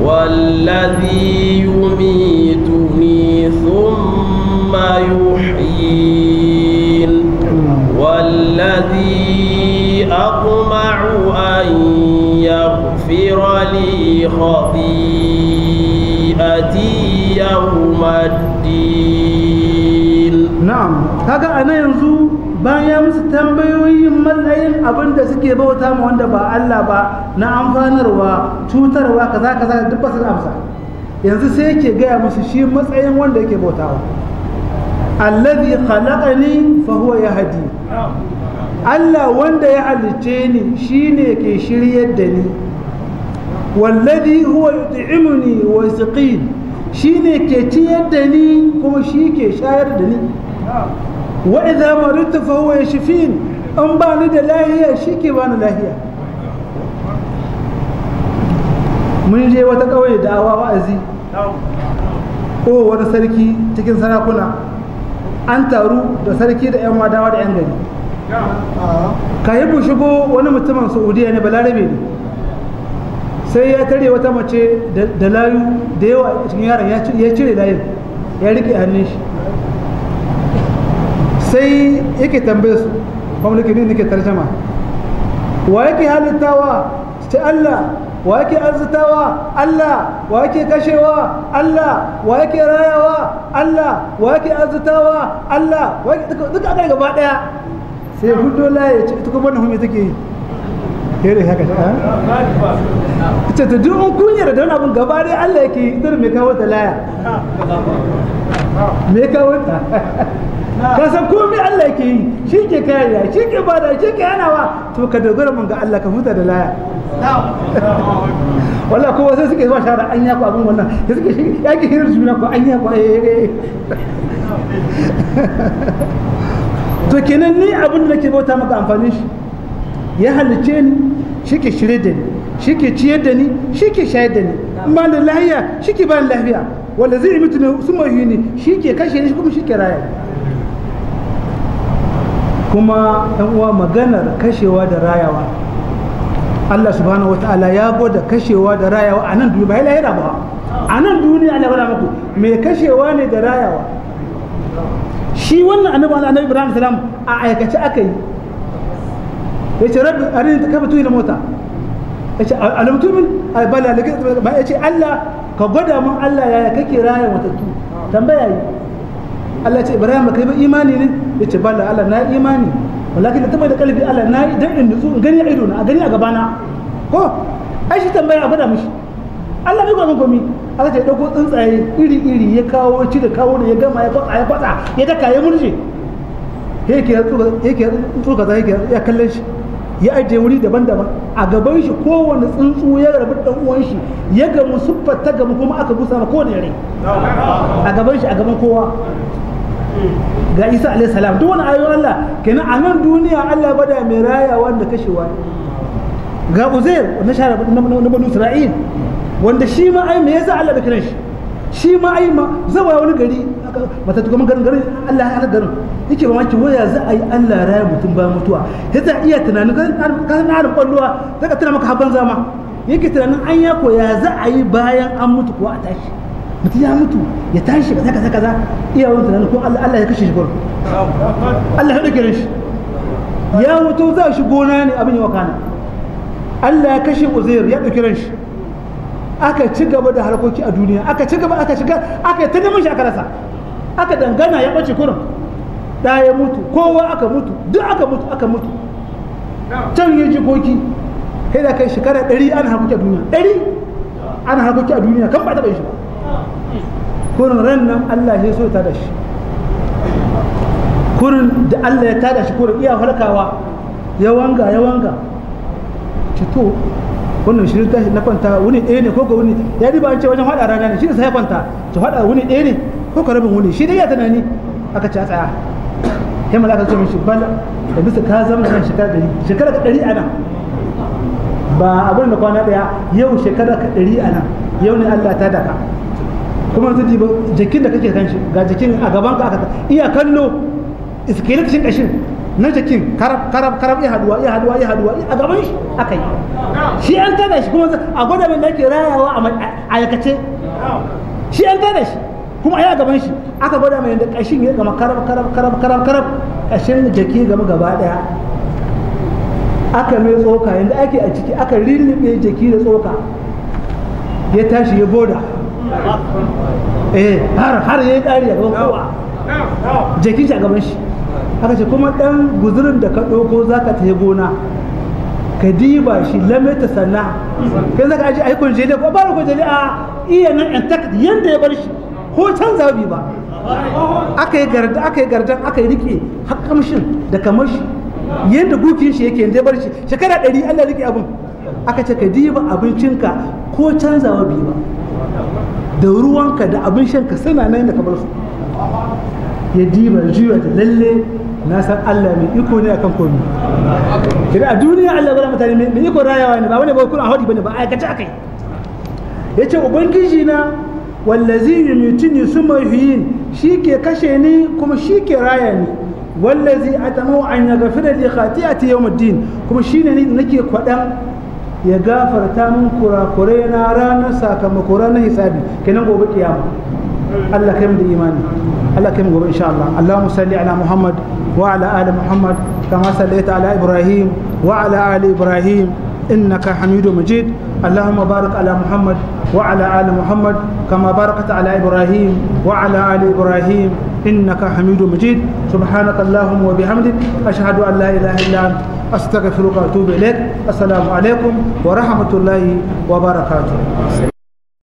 والذي يميتني ثم يحيين والذي أطمع أن يغفر لي خطيئتي يوم الدين نعم هذا أنا ينزو bayan musu tambayoyin matsayin abin da suke bauta wa wanda ba Allah ba na amfanarwa cutarwa kaza kaza duk ba su amsa yanzu sai yake gaya musu shi matsayin wanda yake bautawa alladhi khalaqani fa huwa yahdi Allah wanda ya halice ni shine ke shiryar da ni wallazi huwa yut'imuni wa yasqin shine ke ciyar da ni kuma shi ke shayar da ni wa idza maridtu fa huwa yashfin an ba ni da lahiya shi ke ba ni lahiya mun je wata kauye da awa wa'azi ko oh, wani sarki cikin sarakuna an taru da sarki da 'yan wadawa da 'yan gari Ka bu shigo wani mutumin saudiya ne balarabe ne sai ya tare wata mace da layu da yawa cikin yaron ya cire layin ya rike hannun shi sai yake tambaye su kwamfani nake tarjama wa yake halittawa ta Allah wa yake arzitawa Allah wa yake kashewa Allah wa yake rayawa Allah wa yake arzitawa Allah wa yake duk aka gaba daya sai hudu la ya ce ita kuma nahumi take yi kere haka ta ita ta duk mun kunya da wani abun gaba dai Allah yake yi ita me kawo ta laya me kawo ta ka san komai Allah yake yi shi ke kariya shi ke bada shi ke yanawa to ka dogara mun ga Allah ka huta da laya wala ko wasu suke zuwa shara an yaku abin wannan ya suke shi ya ke hirar juna ko an yaku eh, eh, eh. to kenan ni abin da nake bauta maka amfani shi ya halice ni shi ke shirye da ni shi ke ciyar da ni shi ke shayar da ni in ba da lahiya shi ke ba lahiya wanda zai yi mutu ne su mai yi ne shi ke kashe ni kuma shi ke raya kuma yan uwa maganar kashewa da rayawa Allah subhanahu Ta'ala ya gwada kashewa da rayawa a nan duniya ba lahira ba a nan duniya Allah ya muku mai kashewa ne da rayawa shi wannan annabi annabi Ibrahim salam a aikace aka yi Ya ce rabbi arin ta kafa tuyi mota Ya yace alamtumin ay bala ba ce Allah ka gwada mun Allah ya kake raya matattu tambaya yi Allah ce Ibrahim kai ba imani ne yace balla Allah na imani walakin da tabbai da kalbi Allah na dan in nutsu in gani a ido na a gani a gaba na ko ai shi tambaya a bada mishi Allah bai gwamin komi Allah ta dauko tsuntsaye iri iri ya kawo ci da kawo da ya gama ya kwatsa ya kwatsa ya daka ya murje yake yake tsuka za yake ya kalle shi ya ajiye wuri daban-daban a gaban shi kowane tsuntsu ya rabu dan uwan shi ya gamu siffar ta gamu kuma aka busa ma kowane yare a gaban shi a gaban kowa ga isa alaihi salam duk wani ayoyin Allah kenan a nan duniya Allah bada mai raya wanda kashewa ga uzair wanda shara na banu isra'il wanda shi ma ai me yasa Allah da kiran shi shi ma ai ma zawa wani gari mata mun garin garin Allah ya garin yake mamaki waya za a yi Allah raya mutum ba mutuwa ya ta iya tunanin ka na harin kwalluwa ta ka tuna maka haban zama yake tunanin an ya koya za a yi bayan an mutu ko a tashi mutum ya mutu ya tashi ba zaka zaka za iya wani tunanin ko Allah ya kashe shi gurin Allah ya dake shi ya mutu za shi gona ne abin ya kana Allah ya kashe Uzair ya dauki shi aka ci gaba da harkoki a duniya aka ci gaba aka shiga aka ta neman shi aka rasa aka dangana ya bace kurin da ya mutu kowa aka mutu duk aka mutu aka mutu can ya ji koki sai da kai shekara ɗari ana harkoki a duniya ɗari ana harkoki a duniya kan ba ta taɓa shi ba kurin ran nan Allah ya so ta da shi kurin da Allah ya tada shi kurin iya halkawa ya wanga ya wanga cito wannan shi tashi na kwanta wuni ɗaya ne ko ga wuni ya riba an ce wajen haɗa rana ne shi ne sai kwanta ta haɗa wuni ɗaya ne ko ka wuni shi dai ya tunani aka ci a tsaya ya malaka ce mishi bal da bisa ka zama nan shekara ɗari shekara ka ɗari a nan ba abin da kwana ɗaya yau shekara ka ɗari a nan yau ne Allah ta daka kuma ta ba jikin da kake kan shi ga jikin a gaban ka aka iya kallo iskeletin kashin na jikin karab karab karab ya haduwa ya haduwa ya haduwa a gaban shi aka yi shi an tada shi kuma a gwada min da yake rayawa a aikace shi an tada shi kuma ya gaban shi aka gwada mai da kashin ya gama karab karab karab karab karab kashin jiki gama gaba daya aka mai tsoka yadda ake a ciki aka rillibe jiki da tsoka ya tashi ya boda eh har har yayi kari a gaban kowa jaki a gaban shi aka ce kuma dan guzurin da ka ɗauko za ka tafi gona ka diba shi lamita sana kai aji jeli ko ko jeli a iya nan yanda ya bar shi ko canza bi ba aka yi aka yi aka yi rike hakamshin da kamar shi gukin shi yake yanda ya bar shi shekara ɗari Allah rike abin aka ce ka diba abincinka ko canzawa bi ba da ruwanka da abin shanka suna nan da kamar su ya diba jiwa da lalle na san Allah mai iko ne akan komi kira a duniya Allah bara mutane mai iko rayawa ne ba wani ba a hodi bane ba aikace akai yace ubangiji na wallazi yumitini suma yuhyin shi ke kashe ni kuma shi ke raya ni wallazi atamau an yaghfira li khati'ati yawmiddin kuma shine ne nake kwadan ya gafarta min kurakurai na ranar sakamako ranar hisabi kenan gobe kiyama Allah kai mu da imani Allah kai mu gobe insha Allah Allahumma salli ala Muhammad wa ala ali Muhammad kama sallaita ala Ibrahim wa ala ali Ibrahim innaka Hamidu Majid ala Muhammad wa ala Ali Muhammad kama كما ala Ibrahim wa ala Ali Ibrahim. إنك حميد مجيد سبحانك اللهم وبحمدك أشهد أن لا إله إلا أنت أستغفرك وأتوب إليك السلام عليكم ورحمة الله وبركاته